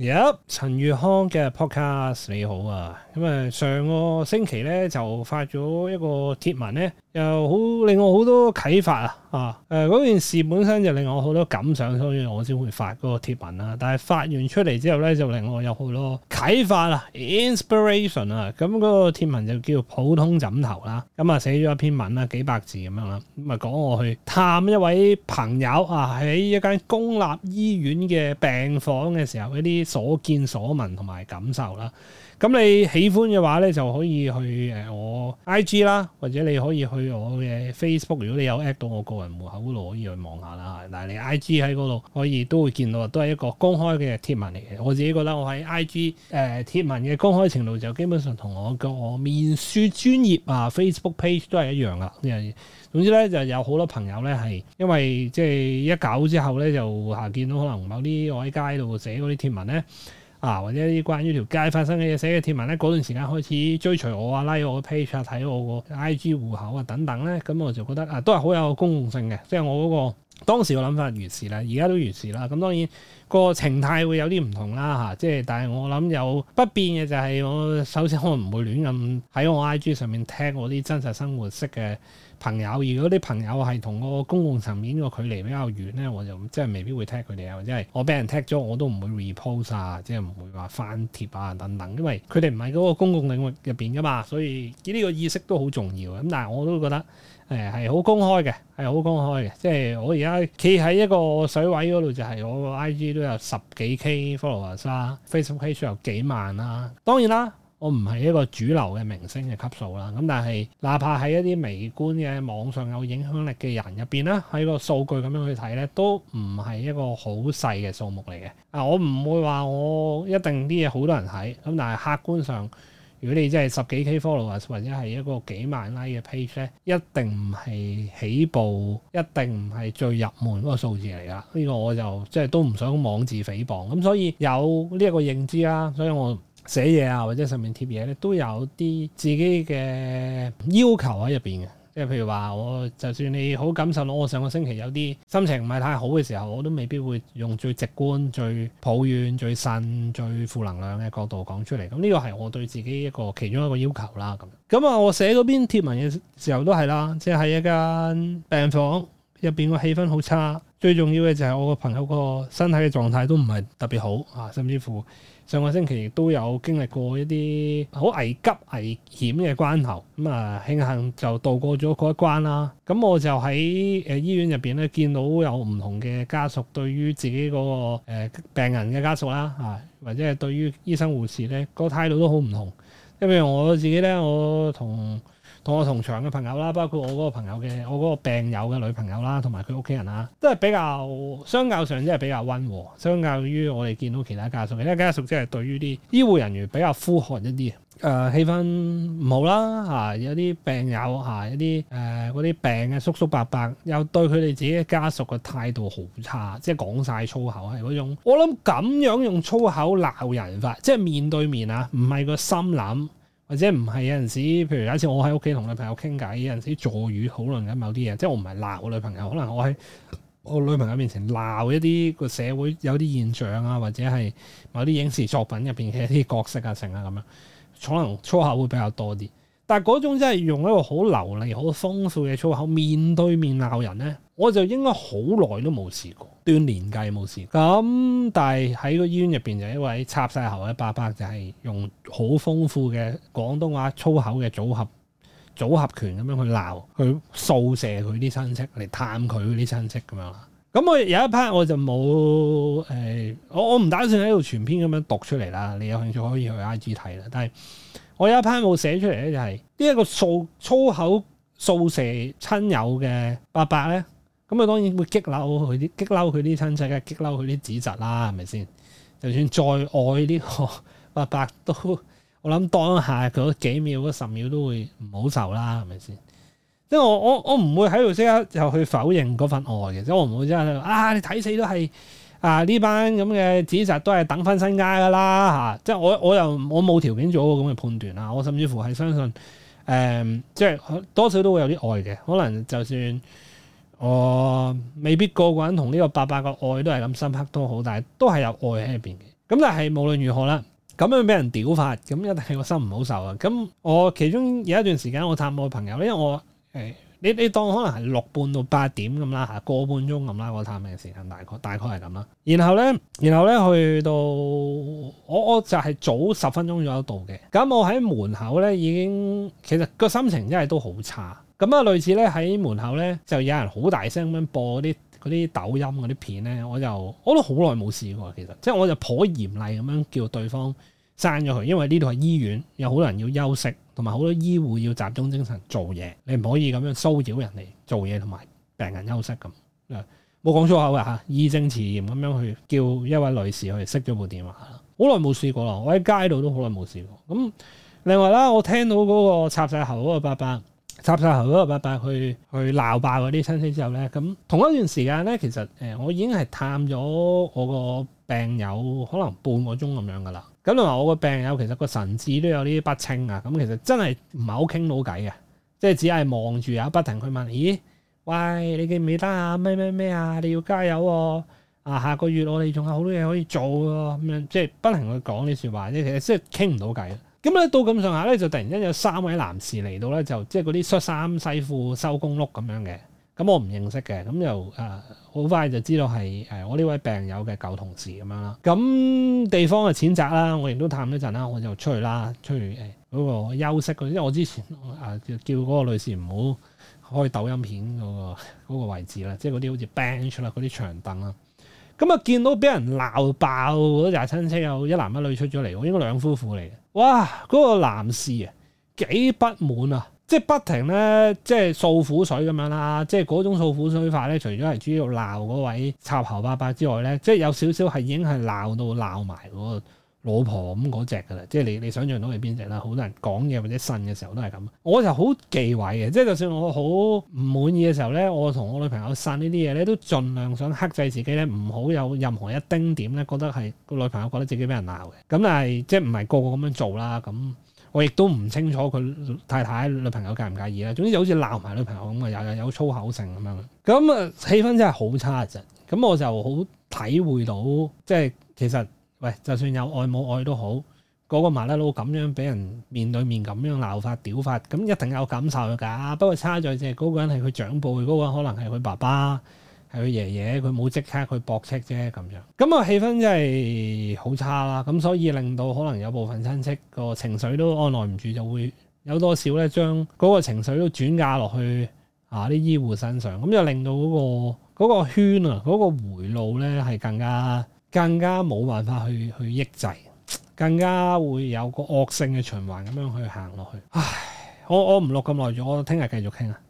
有、yep, 陳玉康嘅 podcast 你好啊，咁、嗯、啊上個星期咧就發咗一個貼文咧，又好令我好多啟發啊，啊誒嗰、呃、件事本身就令我好多感想，所以我先會發嗰個貼文啊。但係發完出嚟之後咧，就令我有好多啟發啊，inspiration 啊，咁、嗯、嗰、那個貼文就叫普通枕頭啦、啊，咁、嗯、啊寫咗一篇文啦，幾百字咁樣啦，咁、嗯、啊講我去探一位朋友啊，喺一間公立醫院嘅病房嘅時候啲。所見所聞同埋感受啦，咁你喜歡嘅話呢，就可以去誒、呃、我 IG 啦，或者你可以去我嘅 Facebook，如果你有 at 到我個人戶口嗰度，可以去望下啦。但係你 IG 喺嗰度可以都會見到，都係一個公開嘅貼文嚟嘅。我自己覺得我喺 IG 誒、呃、貼文嘅公開程度就基本上同我個面書專頁啊 Facebook page 都係一樣啦。因為總之呢，就有好多朋友呢，係因為即係一搞之後呢，就下見到可能某啲我喺街度寫嗰啲貼文呢。啊，或者一啲關於條街發生嘅嘢寫嘅貼文咧，嗰段時間開始追隨我，我 page，啊，拉我個 page 睇我個 IG 戶口啊等等咧，咁、嗯、我就覺得啊，都係好有公共性嘅，即、就、係、是、我嗰、那個。當時個諗法如是啦，而家都如是啦。咁當然個情態會有啲唔同啦，嚇。即係但係我諗有不變嘅就係我首先可能唔會亂咁喺我 IG 上面 tag 我啲真實生活識嘅朋友。如果啲朋友係同個公共層面個距離比較遠咧，我就即係未必會 tag 佢哋啊。或者係我俾人 tag 咗，我都唔會 repost 啊，即係唔會話翻帖啊等等。因為佢哋唔係嗰個公共領域入邊噶嘛，所以呢個意識都好重要嘅。咁但係我都覺得。誒係好公開嘅，係好公開嘅。即係我而家企喺一個水位嗰度，就係、是、我個 IG 都有十幾 K followers 啦，Facebook page 有幾萬啦、啊。當然啦，我唔係一個主流嘅明星嘅級數啦。咁但係，哪怕喺一啲微觀嘅網上有影響力嘅人入邊啦，喺個數據咁樣去睇咧，都唔係一個好細嘅數目嚟嘅。啊，我唔會話我一定啲嘢好多人睇。咁但係客觀上，如果你真係十幾 K followers 或者係一個幾萬 like 嘅 page 咧，一定唔係起步，一定唔係最入門嗰個數字嚟噶。呢、這個我就即係都唔想妄自菲薄，咁所以有呢一個認知啦。所以我寫嘢啊，或者上面貼嘢咧，都有啲自己嘅要求喺入邊嘅。即係譬如話我，就算你好感受到我上個星期有啲心情唔係太好嘅時候，我都未必會用最直觀、最抱怨、最滲、最負能量嘅角度講出嚟。咁、這、呢個係我對自己一個其中一個要求啦。咁，咁啊，我寫嗰邊貼文嘅時候都係啦，即、就、係、是、一間病房，入邊個氣氛好差，最重要嘅就係我個朋友個身體嘅狀態都唔係特別好啊，甚至乎上個星期都有經歷過一啲好危急危險嘅關頭，咁啊慶幸就度過咗嗰一關啦。咁我就喺誒醫院入邊咧，見到有唔同嘅家屬對於自己嗰個病人嘅家屬啦，啊或者係對於醫生護士咧個態度都好唔同。因為我自己咧，我同我同場嘅朋友啦，包括我嗰個朋友嘅，我嗰個病友嘅女朋友啦，同埋佢屋企人啊，都係比較相較上即係比較溫和，相較於我哋見到其他家屬，其他家屬即係對於啲醫護人員比較呼喝一啲啊、呃，氣氛唔好啦嚇、啊，有啲病友嚇、啊，有啲誒嗰啲病嘅叔叔伯伯伯又對佢哋自己嘅家屬嘅態度好差，即係講晒粗口，係嗰種我諗咁樣用粗口鬧人法，即係面對面啊，唔係個心諗。或者唔係有陣時，譬如有一次我喺屋企同女朋友傾偈，有陣時助語討論緊某啲嘢，即係我唔係鬧我女朋友，可能我喺我女朋友面前鬧一啲個社會有啲現象啊，或者係某啲影視作品入邊嘅一啲角色啊成啊咁樣，可能粗口會比較多啲。但係嗰種真係用一個好流利、好豐富嘅粗口面對面鬧人呢，我就應該好耐都冇試過鍛練㗎，冇試過。咁但係喺個醫院入邊就一位插晒喉嘅爸爸，就係用好豐富嘅廣東話粗口嘅組合組合拳咁樣去鬧，去掃射佢啲親戚嚟探佢啲親戚咁樣啦。咁我有一 part 我就冇誒、欸，我我唔打算喺度全篇咁樣讀出嚟啦。你有興趣可以去 IG 睇啦，但係。我有一篇冇寫出嚟咧、就係，就係呢一個掃粗口、掃射親友嘅伯伯咧，咁啊當然會激嬲佢啲，激嬲佢啲親戚，激嬲佢啲子侄啦，係咪先？就算再愛呢個伯伯都，我諗當下嗰幾秒、嗰十秒都會唔好受啦，係咪先？即係我我我唔會喺度即刻就去否認嗰份愛嘅，即我唔會即刻就啊你睇死都係。啊！呢班咁嘅子姪都係等翻身家噶啦嚇，啊，即係我我又我冇條件做咁嘅判斷啦，我甚至乎係相信誒，呃，即係多少都會有啲愛嘅，可能就算我，呃、未必個個人同呢個伯伯嘅愛都係咁深刻都好，但係都係有愛喺入邊嘅。咁但係無論如何啦，咁樣俾人屌法，咁一定係個心唔好受啊！咁我其中有一段時間我探我朋友咧，因為我係。哎你你當可能係六半到八點咁啦，嚇個半鐘咁啦，我、嗰個、探病時間大概大概係咁啦。然後咧，然後咧去到我我就係早十分鐘左右到嘅。咁我喺門口咧已經其實個心情真係都好差。咁啊，類似咧喺門口咧就有人好大聲咁樣播啲嗰啲抖音嗰啲片咧，我就我都好耐冇試過其實，即係我就頗嚴厲咁樣叫對方刪咗佢，因為呢度係醫院，有好多人要休息。同埋好多醫護要集中精神做嘢，你唔可以咁樣騷擾人哋做嘢同埋病人休息咁。誒，冇講粗口嘅嚇，義正辭嚴咁樣去叫一位女士去熄咗部電話。好耐冇試過啦，我喺街度都好耐冇試過。咁另外啦，我聽到嗰個插晒喉嗰個伯伯。插曬頭嗰個伯伯去去鬧爆嗰啲親戚之後咧，咁同一段時間咧，其實誒我已經係探咗我個病友可能半個鐘咁樣噶啦。咁同埋我個病友其實個神志都有啲不清啊，咁其實真係唔係好傾到計嘅，即係只係望住啊，不停去問，咦？喂，你記唔記得啊咩咩咩啊，你要加油喎！啊，下個月我哋仲有好多嘢可以做喎，咁樣即係不停去講啲説話，即係即係傾唔到計。咁咧到咁上下咧，就突然間有三位男士嚟到咧，就即係嗰啲恤衫西褲收工碌咁樣嘅，咁我唔認識嘅，咁就誒好快就知道係誒我呢位病友嘅舊同事咁樣啦。咁地方嘅淺窄啦，我亦都探一陣啦，我就出去啦，出去誒嗰個休息，因為我之前誒叫嗰個女士唔好開抖音片嗰個位置啦，即係嗰啲好似 bench 啦嗰啲長凳啦。咁啊！見到俾人鬧爆嗰架親戚，有一男一女出咗嚟，應該兩夫婦嚟嘅。哇！嗰個男士啊，幾不滿啊！即係不停咧，即係訴苦水咁樣啦。即係嗰種訴苦水法咧，除咗係主要鬧嗰位插喉伯伯之外咧，即係有少少係已經係鬧到鬧埋嗰老婆咁嗰隻噶啦，即係你你想象到係邊隻啦。好多人講嘢或者呻嘅時候都係咁。我就好忌諱嘅，即係就算我好唔滿意嘅時候咧，我同我女朋友呻呢啲嘢咧，都盡量想克制自己咧，唔好有任何一丁點咧，覺得係個女朋友覺得自己俾人鬧嘅。咁但係即係唔係個個咁樣做啦。咁我亦都唔清楚佢太太女朋友介唔介意啦。總之就好似鬧埋女朋友咁啊，有有粗口性咁樣。咁啊氣氛真係好差咋，咁我就好體會到即係其實。喂，就算有愛冇愛都好，嗰、那個麻甩佬咁樣俾人面對面咁樣鬧法屌法，咁一定有感受㗎。不過差在就係嗰個人係佢長輩，嗰、那個人可能係佢爸爸，係佢爺爺，佢冇即刻去駁斥啫咁樣。咁、那、啊、個、氣氛真係好差啦。咁所以令到可能有部分親戚個情緒都按捺唔住，就會有多少咧將嗰個情緒都轉嫁落去啊啲醫護身上，咁就令到嗰、那個那個圈啊嗰、那個回路咧係更加更加冇辦法去去抑制，更加會有個惡性嘅循環咁樣去行落去。唉，我我唔錄咁耐咗，我聽日繼續傾啊。